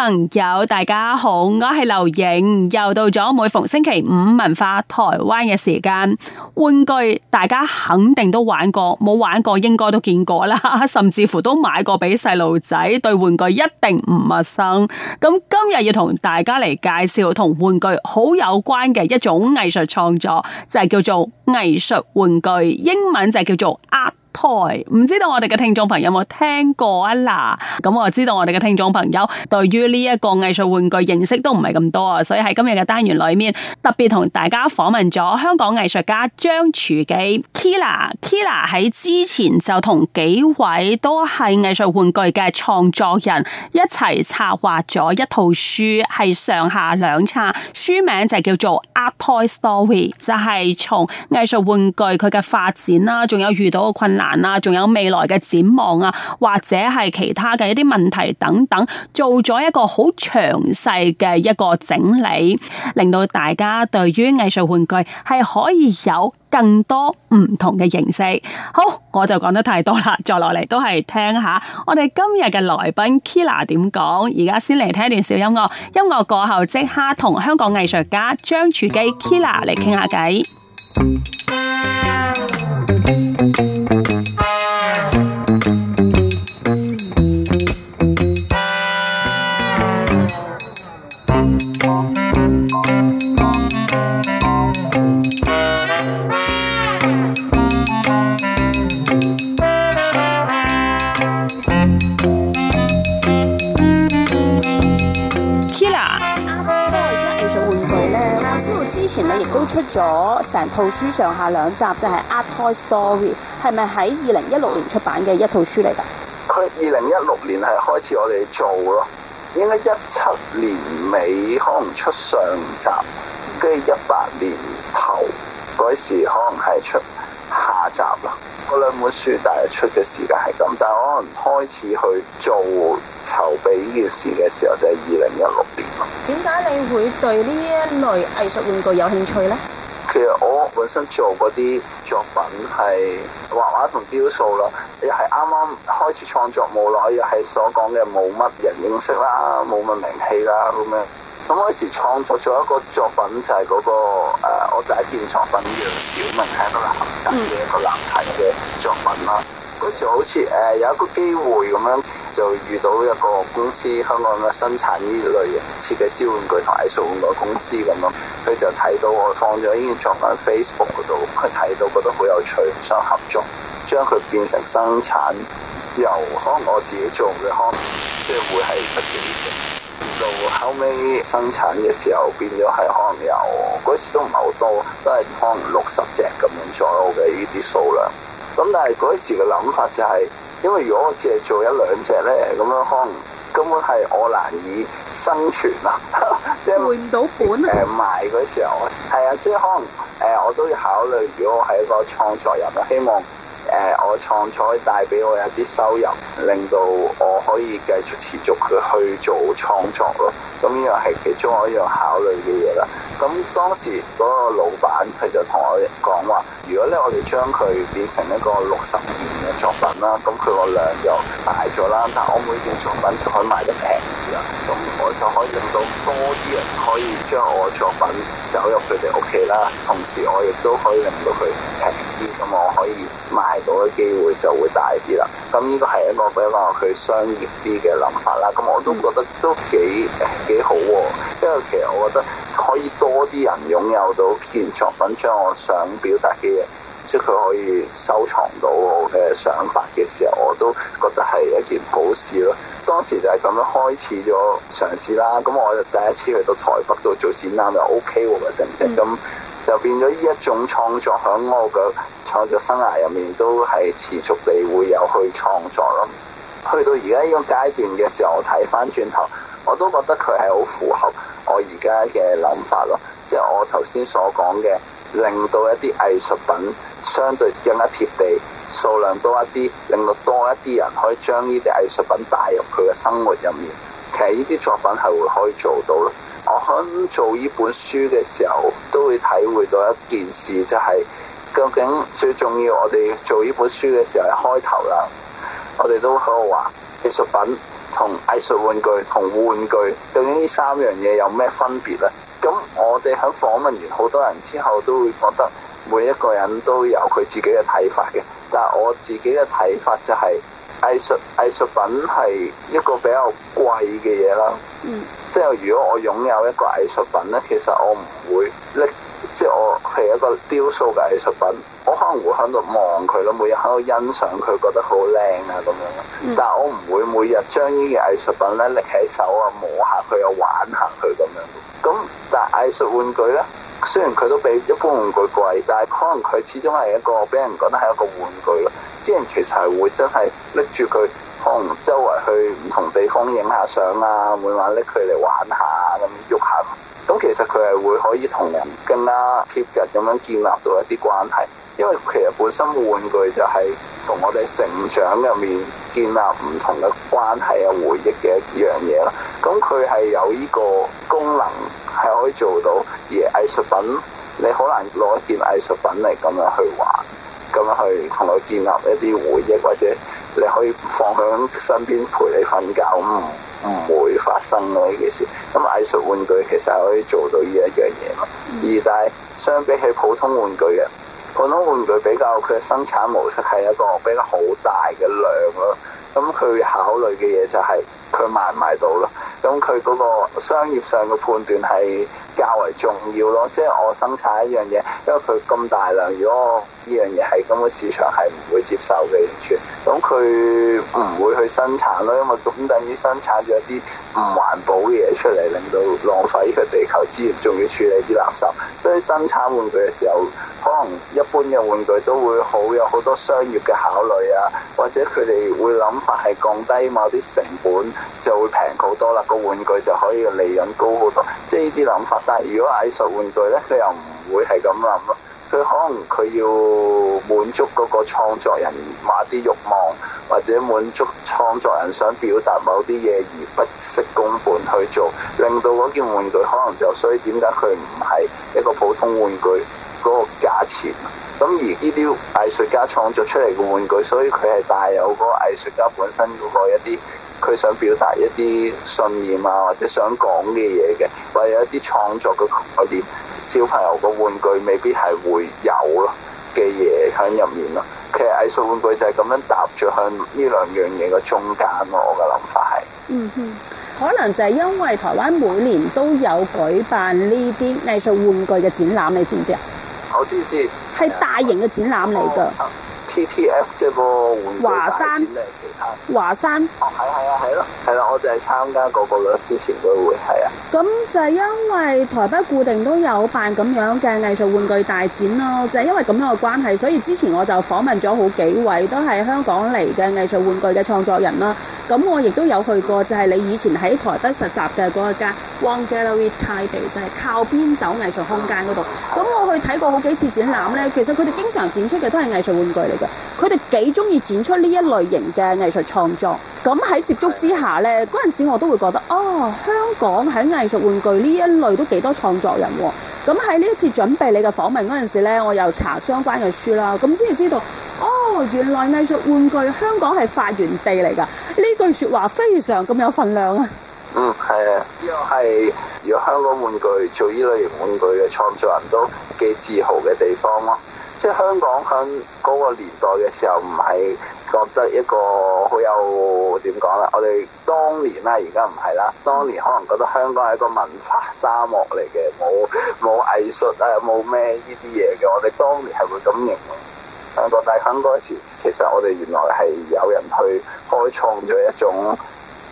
朋友，大家好，我係劉影，又到咗每逢星期五文化台灣嘅時間。玩具大家肯定都玩過，冇玩過應該都見過啦，甚至乎都買過俾細路仔，對玩具一定唔陌生。咁今日要同大家嚟介紹同玩具好有關嘅一種藝術創作，就係叫做藝術玩具，英文就叫做 Art。Toy，唔知道我哋嘅聽眾朋友有冇聽過啊啦，咁我又知道我哋嘅聽眾朋友對於呢一個藝術玩具認識都唔係咁多啊，所以喺今日嘅單元裏面特別同大家訪問咗香港藝術家張廚記 Kila Kila 喺之前就同幾位都係藝術玩具嘅創作人一齊策劃咗一套書，係上下兩冊，書名就叫做《Art Toy Story》，就係從藝術玩具佢嘅發展啦，仲有遇到嘅困難。難啊，仲有未來嘅展望啊，或者係其他嘅一啲問題等等，做咗一個好詳細嘅一個整理，令到大家對於藝術玩具係可以有更多唔同嘅認識。好，我就講得太多啦，再落嚟都係聽下我哋今日嘅來賓 Kila 點講。而家先嚟聽一段小音樂，音樂過後即刻同香港藝術家張柱基 Kila 嚟傾下偈。Kila，阿 Toy 叫做玩具呢。我知道之前你亦都出咗成套書上下兩集，就係《Art Toy Story》，係咪喺二零一六年出版嘅一套書嚟噶？佢二零一六年係開始我哋做咯。應該一七年尾可能出上集，跟住一八年頭嗰時可能係出下集啦。嗰兩本書大約出嘅時間係咁，但係可能開始去做籌備呢件事嘅時候就係二零一六年。點解你會對呢一類藝術玩具有興趣呢？其實我本身做嗰啲作品係畫畫同雕塑啦，又係啱啱開始創作冇耐，又係所講嘅冇乜人認識啦，冇乜名氣啦咁樣。咁嗰時創作咗一個作品就係嗰、嗰個、呃、我第一件作品叫小明，係一個男仔嘅一個男仔嘅作品啦。嗰時好似誒、呃、有一個機會咁樣。就遇到一個公司，香港嘅生產呢類型設計師玩具同藝術玩具公司咁樣。佢就睇到我放咗件作品喺 Facebook 嗰度，佢睇到覺得好有趣，想合作，將佢變成生產。由可能我自己做嘅，可能即係會係不見嘅。到後尾生產嘅時候，變咗係可能有嗰時都唔係好多，都係可能六十隻咁樣左右嘅呢啲數量。咁但係嗰時嘅諗法就係、是。因為如果我只係做一兩隻咧，咁樣可能根本係我難以生存啊！即係換唔到本啊！誒、呃，賣嗰時候，係啊，即係可能誒、呃，我都要考慮，如果我係一個創作人啊，希望。誒、呃，我創作帶俾我一啲收入，令到我可以繼續持續去去做創作咯。咁呢樣係其中我一樣考慮嘅嘢啦。咁當時嗰個老闆佢就同我講話，如果咧我哋將佢變成一個六十年嘅作品啦，咁佢個量又大咗啦，但我每件作品就可以賣得平啲啦。我就可以令到多啲人可以將我作品走入佢哋屋企啦，同時我亦都可以令到佢平啲，咁我可以賣到嘅機會就會大啲啦。咁呢個係一個比話佢商業啲嘅諗法啦。咁我都覺得都幾幾好、啊、因為其實我覺得可以多啲人擁有到件作品，將我想表達嘅嘢，即係佢可以收藏到我嘅想法嘅時候，我都覺得係一件好事咯。當時就係咁樣開始咗嘗試啦，咁我就第一次去到台北度做展覽就 OK 喎個成績，咁就變咗呢一種創作響我嘅創作生涯入面都係持續地會有去創作咯。去到而家呢個階段嘅時候，我睇翻轉頭我都覺得佢係好符合我而家嘅諗法咯，即係我頭先所講嘅，令到一啲藝術品相對更加貼地。數量多一啲，令到多一啲人可以將呢啲藝術品帶入佢嘅生活入面。其實呢啲作品係會可以做到咯。我喺做呢本書嘅時候，都會體會到一件事，就係、是、究竟最重要。我哋做呢本書嘅時候，開頭啦，我哋都好好話藝術品同藝術玩具同玩具究竟呢三樣嘢有咩分別呢？咁我哋喺訪問完好多人之後，都會覺得每一個人都有佢自己嘅睇法嘅。但係我自己嘅睇法就係藝術藝術品係一個比較貴嘅嘢啦，嗯、即係如果我擁有一個藝術品咧，其實我唔會拎。即係我係一個雕塑嘅藝術品，我可能會喺度望佢咯，每日喺度欣賞佢，覺得好靚啊咁樣，嗯、樣。但係我唔會每日將呢件藝術品咧拎起手啊，摸下佢啊，玩下佢咁樣。咁但係藝術玩具咧。雖然佢都比一般玩具貴，但係可能佢始終係一個俾人覺得係一個玩具咯。啲人其實係會真係拎住佢，可能周圍去唔同地方影下相啊，每晚拎佢嚟玩下咁喐下。咁其實佢係會可以同人更加貼近咁樣建立到一啲關係，因為其實本身玩具就係同我哋成長入面建立唔同嘅關係、啊回憶嘅一樣嘢咯。咁佢係有依個功能係可以做到。嘢藝術品，你好難攞件藝術品嚟咁樣去玩，咁樣去同佢建立一啲回憶，或者你可以放喺身邊陪你瞓覺，唔唔、嗯、會發生呢件事。咁藝術玩具其實可以做到呢一樣嘢嘛，而但係相比起普通玩具嘅，普通玩具比較佢嘅生產模式係一個比較好大嘅量咯，咁佢考慮嘅嘢就係佢買唔買到咯。咁佢嗰個商業上嘅判斷係較為重要咯，即係我生產一樣嘢，因為佢咁大量，如果我呢樣嘢係咁嘅市場，係唔會接受嘅。完全。咁佢唔會去生產咯，因為總等於生產咗一啲唔環保嘅嘢，出嚟，令到浪費佢地球資源，仲要處理啲垃圾。即係生產玩具嘅時候，可能一般嘅玩具都會好有好多商業嘅考慮啊，或者佢哋會諗法係降低某啲成本，就會平好多啦，個玩具就可以個利潤高好多。即係呢啲諗法，但係如果藝術玩具咧，佢又唔會係咁諗，佢可能佢要。滿足嗰個創作人某啲慾望，或者滿足創作人想表達某啲嘢而不惜工本去做，令到嗰件玩具可能就所以點解佢唔係一個普通玩具嗰個價錢。咁而呢啲藝術家創作出嚟嘅玩具，所以佢係帶有嗰個藝術家本身嗰個一啲佢想表達一啲信念啊，或者想講嘅嘢嘅，或者一啲創作嘅概念。小朋友個玩具未必係會有咯。嘅嘢喺入面咯，其實藝術玩具就係咁樣搭住向呢兩樣嘢嘅中間咯，我嘅諗法係，嗯哼，可能就係因為台灣每年都有舉辦呢啲藝術玩具嘅展覽，你知唔知啊？我知、嗯、知，知，係、嗯、大型嘅展覽嚟㗎。哦，嗯。C T F 嘅個玩具大展咧，其他華山，華山哦，係係啊，係咯，係啦，我就係參加嗰個咯，之前嘅會係啊。咁就係因為台北固定都有辦咁樣嘅藝術玩具大展咯，就係、是、因為咁樣嘅關係，所以之前我就訪問咗好幾位都係香港嚟嘅藝術玩具嘅創作人啦。咁我亦都有去過，就係、是、你以前喺台北實習嘅嗰間 One Gallery ide, 就係靠邊走藝術空間嗰度。咁我去睇過好幾次展覽咧，其實佢哋經常展出嘅都係藝術玩具嚟嘅。佢哋幾中意展出呢一類型嘅藝術創作，咁喺接觸之下呢，嗰陣時我都會覺得哦，香港喺藝術玩具呢一類都幾多創作人喎、哦。咁喺呢一次準備你嘅訪問嗰陣時咧，我又查相關嘅書啦，咁先至知道哦，原來藝術玩具香港係發源地嚟噶，呢句說話非常咁有份量啊。嗯，係啊，呢個係，而香港玩具做呢類型玩具嘅創作人都幾自豪嘅地方咯、哦。即係香港喺嗰個年代嘅時候，唔係覺得一個好有點講啦。我哋當年啦，啊，而家唔係啦。當年可能覺得香港係一個文化沙漠嚟嘅，冇冇藝術啊，冇咩呢啲嘢嘅。我哋當年係會咁形容，但係好多時其實我哋原來係有人去開創咗一種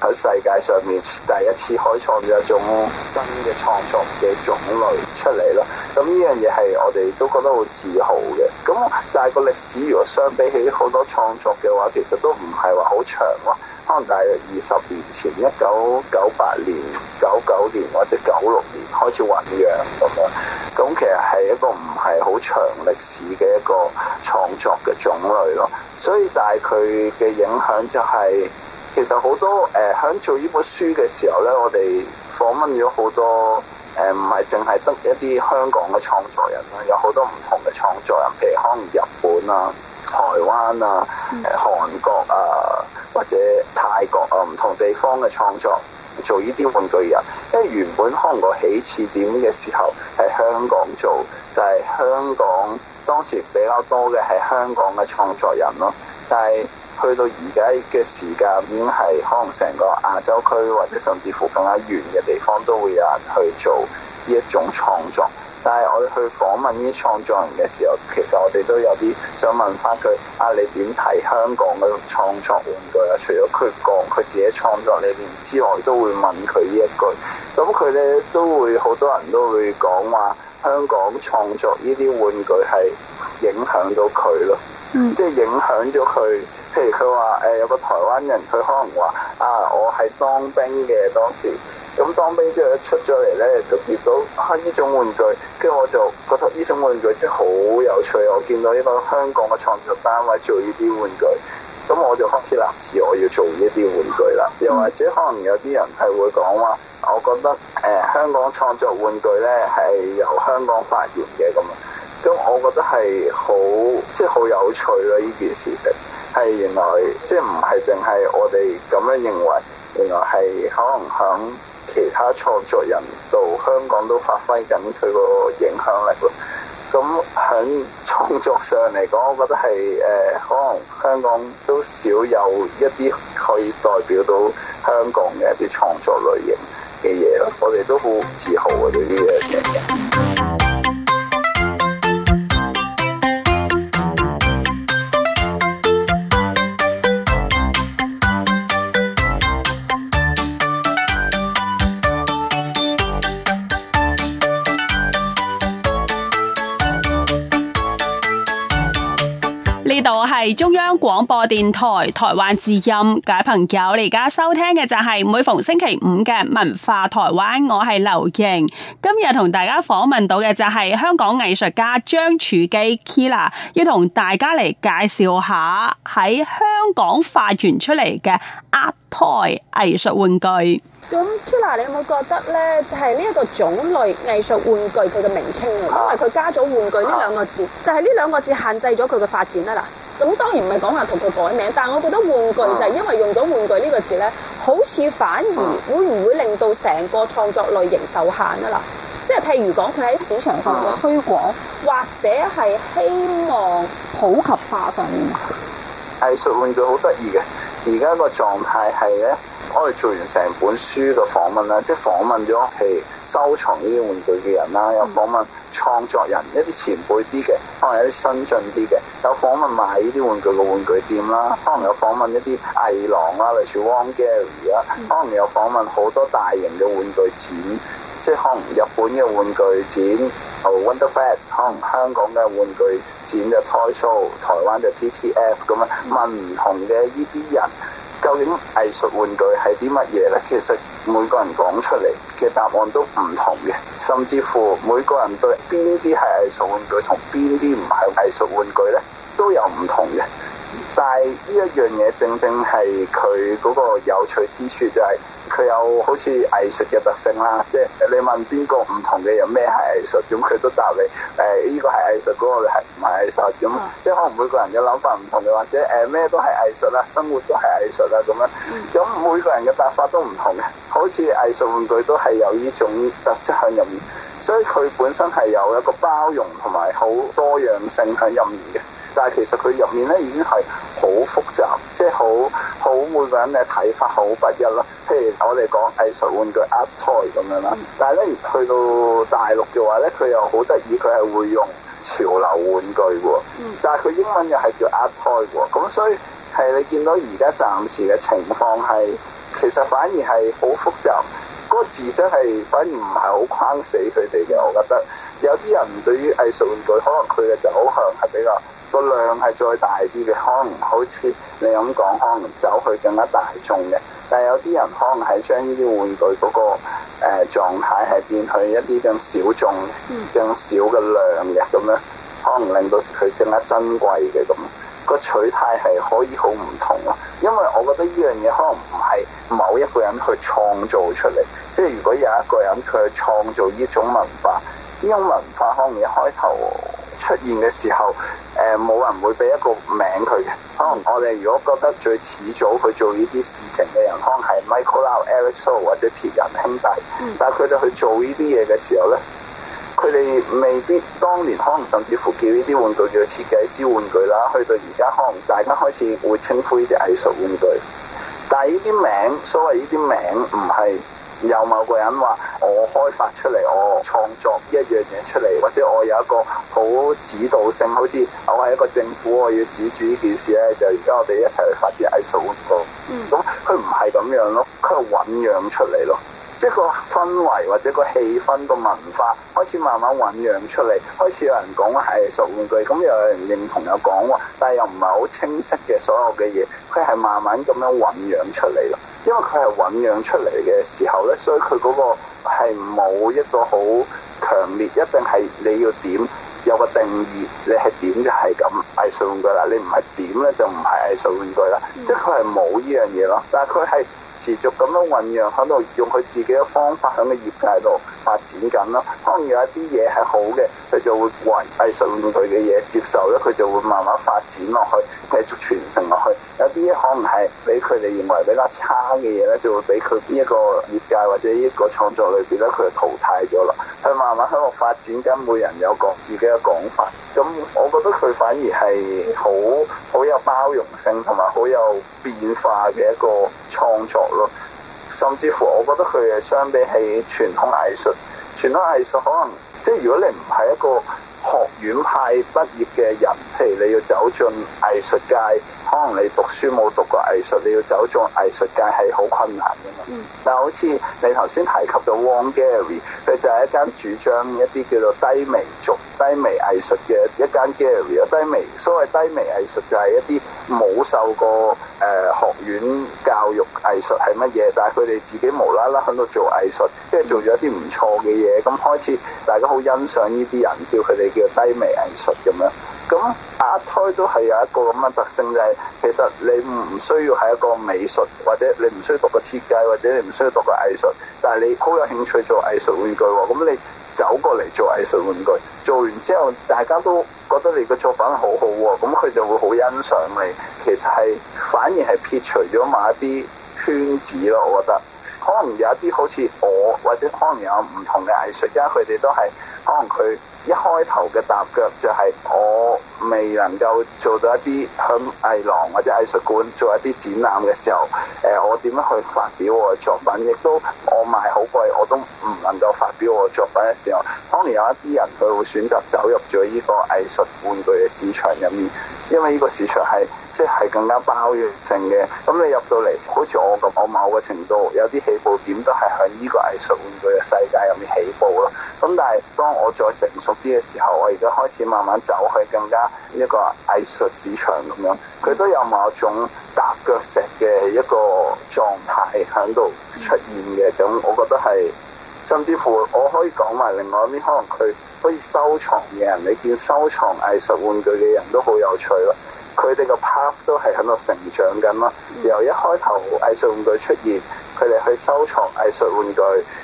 喺世界上面第一次開創咗一種新嘅創作嘅種類出嚟咯，咁呢樣嘢係我哋都覺得好自豪嘅。咁但係個歷史如果相比起好多創作嘅話，其實都唔係話好長咯。可能大約二十年前，一九九八年、九九年或者九六年開始醞釀，咁樣，咁其實，係一個唔係好長歷史嘅一個創作嘅種類咯。所以但係佢嘅影響就係、是。其實好多誒，喺、呃、做呢本書嘅時候咧，我哋訪問咗好多誒，唔係淨係得一啲香港嘅創作人啦，有好多唔同嘅創作人，譬如可能日本啊、台灣啊、呃、韓國啊，或者泰國啊，唔同地方嘅創作做呢啲玩具人。因為原本可能個起始點嘅時候係香港做，但係香港當時比較多嘅係香港嘅創作人咯，但係。去到而家嘅時間，已經係可能成個亞洲區，或者甚至乎更加遠嘅地方，都會有人去做呢一種創作。但係我去訪問呢啲創作人嘅時候，其實我哋都有啲想問翻佢：啊，你點睇香港嘅創作玩具啊？除咗佢講佢自己創作，裏面之外都，都會問佢呢一句。咁佢咧都會好多人都會講話香港創作呢啲玩具係影響到佢咯，即係、mm. 影響咗佢。譬如佢話誒有個台灣人，佢可能話啊，我係當兵嘅當時，咁當兵之後一出咗嚟咧，就見到呢、啊、種玩具，跟住我就覺得呢種玩具即係好有趣。我見到呢個香港嘅創作單位做呢啲玩具，咁、嗯嗯、我，我就開始立志我要做呢啲玩具啦。又或者可能有啲人係會講話、啊，我覺得誒、呃、香港創作玩具咧係由香港發源嘅咁，咁我覺得係好即係好有趣啦呢件事情。係原來即係唔係淨係我哋咁樣認為，原來係可能喺其他創作人到香港都發揮緊佢個影響力。咁喺創作上嚟講，我覺得係誒、呃、可能香港都少有一啲可以代表到香港嘅一啲創作類型嘅嘢咯。我哋都好自豪啊！呢啲嘢嘅。中央廣播電台台灣字音，各位朋友，你而家收聽嘅就係每逢星期五嘅文化台灣，我係劉瑩。今日同大家訪問到嘅就係香港藝術家張柱基。Kila，要同大家嚟介紹下喺香港發源出嚟嘅 Art Toy 藝術玩具。咁 Kila，你有冇覺得呢就係呢一個種類藝術玩具佢嘅名稱，因為佢加咗玩具呢、oh. 兩個字，就係、是、呢兩個字限制咗佢嘅發展啊？嗱。咁當然唔係講話同佢改名，但係我覺得玩具就係因為用咗玩具呢個字咧，嗯、好似反而會唔會令到成個創作類型受限㗎喇？即係譬如講佢喺市場上嘅推廣，嗯、或者係希望普及化上面，藝術玩具好得意嘅，而家個狀態係咧。我哋做完成本書嘅訪問啦，即係訪問咗譬如收藏呢啲玩具嘅人啦，嗯、有訪問創作人一啲前輩啲嘅，可能一啲新進啲嘅，有訪問賣呢啲玩具嘅玩具店啦，嗯、可能有訪問一啲藝廊啦，例如汪 Gary 啦，可能有訪問好多大型嘅玩具展，嗯、即係可能日本嘅玩具展，哦 Wonder Fair，可能香港嘅玩具展就 Toy Show，台灣就 GTF 咁樣，嗯、問唔同嘅呢啲人。究竟藝術玩具係啲乜嘢咧？其實每個人講出嚟嘅答案都唔同嘅，甚至乎每個人對邊啲係藝術玩具，同邊啲唔係藝術玩具咧，都有唔同嘅。但係呢一樣嘢，正正係佢嗰個有趣之處，就係佢有好似藝術嘅特性啦。即係你問邊個唔同嘅人咩係藝術，咁佢都答你誒呢個係藝術，嗰個係唔係藝術。咁、嗯、即係可能每個人嘅諗法唔同嘅，或者誒咩都係藝術啦，生活都係藝術啦咁樣。咁、嗯、每個人嘅答法都唔同嘅，好似藝術玩具都係有呢種特質喺入面，所以佢本身係有一個包容同埋好多樣性喺入面嘅。但係其實佢入面咧已經係好複雜，即係好好每個人嘅睇法好不一咯。譬如我哋講藝術玩具 Art Toy 咁樣啦，嗯、但係咧去到大陸嘅話咧，佢又好得意，佢係會用潮流玩具喎。嗯、但係佢英文又係叫 Art Toy 喎。咁所以係你見到而家暫時嘅情況係，其實反而係好複雜。嗰、那個字真係反而唔係好框死佢哋嘅，我覺得有啲人對於藝術玩具，可能佢嘅走向係比較。個量係再大啲嘅，可能好似你咁講，可能走去更加大眾嘅。但係有啲人可能係將呢啲玩具嗰、嗰個誒、呃、狀態係變去一啲、嗯、更小眾、更少嘅量嘅咁樣，可能令到佢更加珍貴嘅咁。嗰個取態係可以好唔同咯，因為我覺得呢樣嘢可能唔係某一個人去創造出嚟。即係如果有一個人佢去創造呢種文化，呢種文化可能一開頭出現嘅時候。誒，冇人會俾一個名佢嘅。可能我哋如果覺得最始早去做呢啲事情嘅人，可能係 Michael Lau、Eric So、或者鐵人兄弟，嗯、但係佢哋去做呢啲嘢嘅時候咧，佢哋未必當年可能甚至乎叫呢啲玩具叫做設計師玩具啦。去到而家可能大家開始會稱呼呢啲藝術玩具，但係呢啲名，所謂呢啲名唔係。有某個人話：我開發出嚟，我創作一樣嘢出嚟，或者我有一個好指導性，好似我係一個政府，我要指住呢件事咧，就而家我哋一齊去發展藝術活動，咁佢唔係咁樣咯，佢係醖釀出嚟咯。即係個氛圍或者個氣氛，個文化開始慢慢醖釀出嚟，開始有人講係俗玩具，咁又有人認同又講，但係又唔係好清晰嘅所有嘅嘢，佢係慢慢咁樣醖釀出嚟咯。因為佢係醖釀出嚟嘅時候咧，所以佢嗰個係冇一個好強烈，一定係你要點有個定義，你係點就係咁係俗玩具啦。你唔係點咧就唔係俗玩具啦。嗯、即係佢係冇呢樣嘢咯，但係佢係。持續咁樣醖釀喺度，用佢自己嘅方法喺個業界度發展緊咯。可能有一啲嘢係好嘅，佢就會為藝術團嘅嘢接受咧，佢就會慢慢發展落去，繼續傳承落去。有啲可能係俾佢哋認為比較差嘅嘢咧，就會俾佢呢一個業界或者呢個創作裏邊咧，佢就淘汰咗啦。佢慢慢喺度發展緊，每人有各自己嘅講法。咁我覺得佢反而係好好有包容性同埋好有變化嘅一個創作。甚至乎，我覺得佢係相比起傳統藝術。傳統藝術可能即係，如果你唔係一個，學院派畢業嘅人，譬如你要走進藝術界，可能你讀書冇讀過藝術，你要走進藝術界係好困難嘅。Mm hmm. 但係好似你頭先提及嘅 w 汪 Gallery，佢就係一間主張一啲叫做低微族、低微藝術嘅一間 Gallery 低微所謂低微藝術就係一啲冇受過誒、呃、學院教育藝術係乜嘢，但係佢哋自己無啦啦響度做藝術，即係做咗一啲唔錯嘅嘢，咁開始大家好欣賞呢啲人，叫佢哋。叫低微藝術咁樣，咁阿胎都係有一個咁嘅特性，就係其實你唔需要係一個美術，或者你唔需要讀個設計，或者你唔需要讀個藝術，但係你好有興趣做藝術玩具喎，咁你走過嚟做藝術玩具，做完之後大家都覺得你個作品好好喎，咁佢就會好欣賞你。其實係反而係撇除咗某一啲圈子咯，我覺得可能有一啲好似我，或者可能有唔同嘅藝術家，佢哋都係可能佢。一開頭嘅踏腳就係我未能夠做到一啲響藝廊或者藝術館做一啲展覽嘅時候，誒、呃、我點樣去發表我嘅作品？亦都我賣好貴，我都唔能夠發表我嘅作品嘅時候，當然有一啲人佢會選擇走入咗呢個藝術玩具嘅市場入面。因為呢個市場係即係更加包容性嘅，咁你入到嚟好似我咁我某個程度，有啲起步點都係喺呢個藝術玩具嘅世界入面起步咯。咁但係當我再成熟啲嘅時候，我而家開始慢慢走去更加一個藝術市場咁樣，佢都有某種踏腳石嘅一個狀態喺度出現嘅。咁我覺得係，甚至乎我可以講埋另外一邊，可能佢。可以收藏嘅人，你見收藏藝術玩具嘅人都好有趣咯。佢哋個 path 都係喺度成長緊咯。由一開頭藝術玩具出現，佢哋去收藏藝術玩具。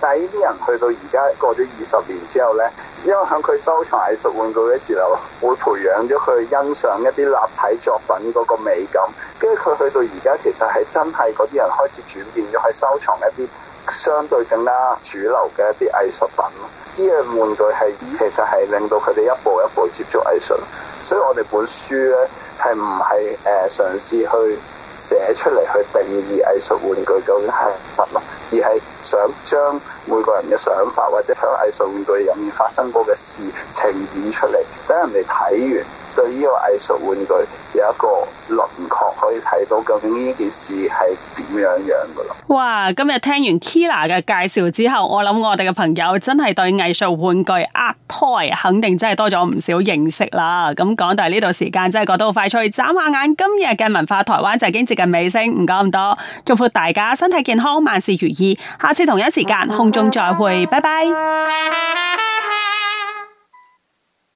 但係呢啲人去到而家過咗二十年之後咧，因為向佢收藏藝術玩具嘅時候，會培養咗佢欣賞一啲立體作品嗰個美感。跟住佢去到而家，其實係真係嗰啲人開始轉變咗，去收藏一啲。相對更加主流嘅一啲藝術品，呢樣玩具係其實係令到佢哋一步一步接觸藝術，所以我哋本書咧係唔係，誒嘗試去寫出嚟去定義藝術玩具究竟係乜咯，而係想將每個人嘅想法或者喺藝術玩具入面發生過嘅事情呈現出嚟，等人哋睇完對呢個藝術玩具。有一個輪廓可以睇到究竟呢件事係點樣樣噶咯？哇！今日聽完 Kira 嘅介紹之後，我諗我哋嘅朋友真係對藝術玩具 Art Toy 肯定真係多咗唔少認識啦。咁講到呢度時間真係過得好快脆，眨下眼今日嘅文化台灣就已經接近尾聲。唔講咁多，祝福大家身體健康，萬事如意。下次同一時間空中再會，拜拜。